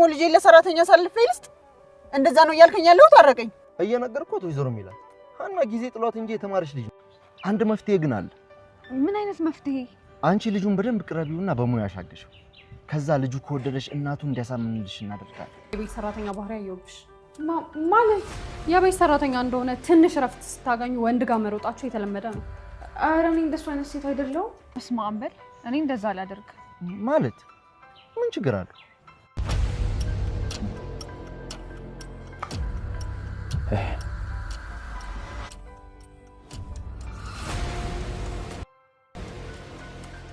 ደግሞ ልጄ ለሰራተኛ ሳልፌ ልስጥ? እንደዛ ነው እያልከኝ ያለው? ታረቀኝ እየነገርኩት ወይዘሮ ሚላት ሀና ጊዜ ጥሏት እንጂ የተማረች ልጅ ነው። አንድ መፍትሄ ግን አለ። ምን አይነት መፍትሄ? አንቺ ልጁን በደንብ ቅረቢውና በሙያ ያሻግሽው። ከዛ ልጁ ከወደደሽ እናቱ እንዲያሳምንልሽ እናደርጋለን። የቤት ሰራተኛ ባህሪ አየሁብሽ። ማለት የቤት ሰራተኛ እንደሆነ ትንሽ ረፍት ስታገኙ ወንድ ጋር መሮጣችሁ የተለመደ ነው። ኧረ እኔ እንደሱ አይነት ሴት አይደለሁም። እስማ አንበል። እኔ እንደዛ አላደርግ ማለት ምን ችግር አለው?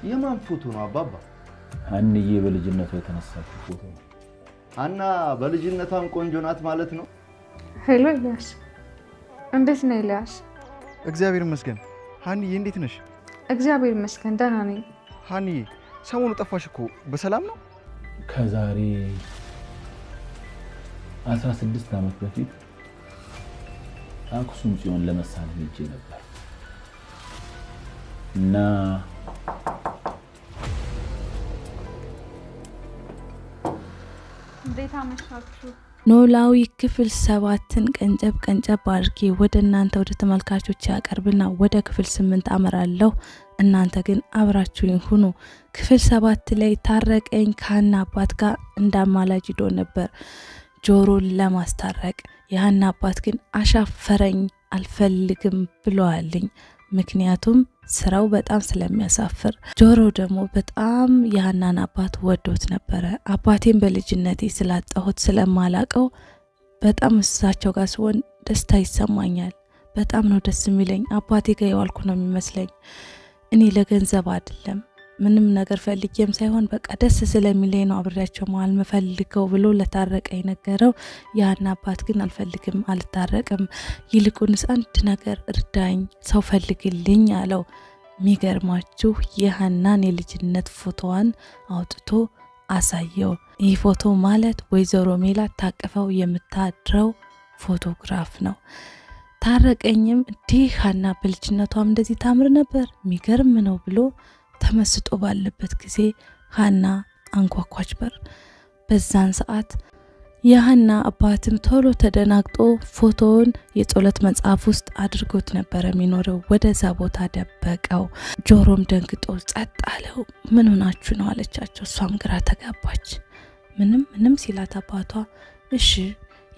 የማን ፎቶ ነው አባባ? አንዬ በልጅነቷ የተነሳች ፎቶ ነው። አና በልጅነቷም ቆንጆ ናት ማለት ነው። ሄሎ ኤልያስ፣ እንዴት ነው ኤልያስ? እግዚአብሔር ይመስገን። ሀንዬ እንዴት ነሽ? እግዚአብሔር ይመስገን ደህና ነኝ። ሀንዬ ሰሞኑ ጠፋሽ እኮ በሰላም ነው? ከዛሬ 16 ዓመት በፊት አክሱም ጽዮን ለመሳል ሄጄ ነበር እና ኖላዊ ክፍል ሰባትን ቀንጨብ ቀንጨብ አድርጌ ወደ እናንተ ወደ ተመልካቾች ያቀርብና ወደ ክፍል ስምንት አመራለሁ። እናንተ ግን አብራችሁኝ ሁኑ። ክፍል ሰባት ላይ ታረቀኝ ከሀና አባት ጋር እንዳማላጅ ነበር ጆሮን ለማስታረቅ የሀና አባት ግን አሻፈረኝ አልፈልግም ብለዋልኝ። ምክንያቱም ስራው በጣም ስለሚያሳፍር። ጆሮ ደግሞ በጣም የሀናን አባት ወዶት ነበረ። አባቴን በልጅነቴ ስላጣሁት ስለማላቀው በጣም እሳቸው ጋር ሲሆን ደስታ ይሰማኛል። በጣም ነው ደስ የሚለኝ። አባቴ ጋር የዋልኩ ነው የሚመስለኝ። እኔ ለገንዘብ አይደለም ምንም ነገር ፈልጌም ሳይሆን በቃ ደስ ስለሚለኝ ነው አብሬያቸው መዋል ምፈልገው ብሎ ለታረቀ የነገረው ያን አባት ግን አልፈልግም፣ አልታረቅም፣ ይልቁንስ አንድ ነገር እርዳኝ፣ ሰው ፈልግልኝ አለው። የሚገርማችሁ የሀናን የልጅነት ፎቶዋን አውጥቶ አሳየው። ይህ ፎቶ ማለት ወይዘሮ ሜላ ታቅፈው የምታድረው ፎቶግራፍ ነው። ታረቀኝም እንዲህ ሀና በልጅነቷም እንደዚህ ታምር ነበር፣ የሚገርም ነው ብሎ ተመስጦ ባለበት ጊዜ ሀና አንኳኳች በር። በዛን ሰዓት የሀና አባትም ቶሎ ተደናግጦ ፎቶውን የጸሎት መጽሐፍ ውስጥ አድርጎት ነበረ የሚኖረው። ወደዛ ቦታ ደበቀው። ጆሮም ደንግጦ ጸጥ አለው። ምን ሆናችሁ ነው አለቻቸው። እሷም ግራ ተጋባች። ምንም ምንም ሲላት አባቷ እሺ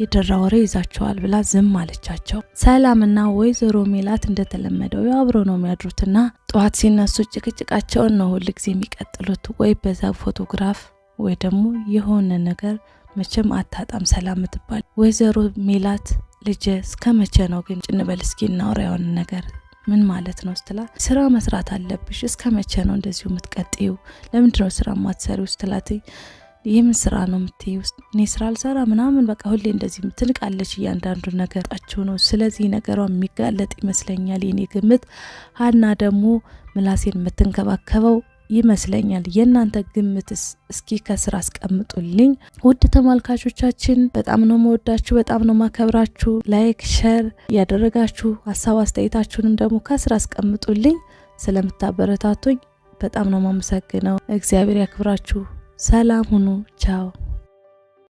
የደራ ወሬ ይዛቸዋል ብላ ዝም አለቻቸው። ሰላምና ወይዘሮ ሜላት እንደተለመደው አብሮ ነው የሚያድሩትና ጠዋት ሲነሱ ጭቅጭቃቸውን ነው ሁልጊዜ የሚቀጥሉት። ወይ በዛ ፎቶግራፍ ወይ ደግሞ የሆነ ነገር መቼም አታጣም ሰላም ትባል። ወይዘሮ ሜላት ልጄ እስከ መቼ ነው ግን ጭንበል እስኪ እናውራ የሆነ ነገር ምን ማለት ነው ስትላት፣ ስራ መስራት አለብሽ እስከ መቼ ነው እንደዚሁ የምትቀጥዩ? ለምንድነው ስራ ማትሰሪው ስትላት ይህም ስራ ነው የምትይ? ውስጥ እኔ ስራ አልሰራ ምናምን በቃ ሁሌ እንደዚህ ትንቃለች እያንዳንዱ ነገር ጣቸው ነው። ስለዚህ ነገሯ የሚጋለጥ ይመስለኛል የኔ ግምት። ሀና ደግሞ ምላሴን የምትንከባከበው ይመስለኛል። የእናንተ ግምትስ እስኪ ከስር አስቀምጡልኝ። ውድ ተመልካቾቻችን በጣም ነው መወዳችሁ፣ በጣም ነው ማከብራችሁ። ላይክ ሸር ያደረጋችሁ ሀሳብ አስተያየታችሁንም ደግሞ ከስር አስቀምጡልኝ። ስለምታበረታቱኝ በጣም ነው ማመሰግነው። እግዚአብሔር ያክብራችሁ። ሰላም ሁኑ። ቻው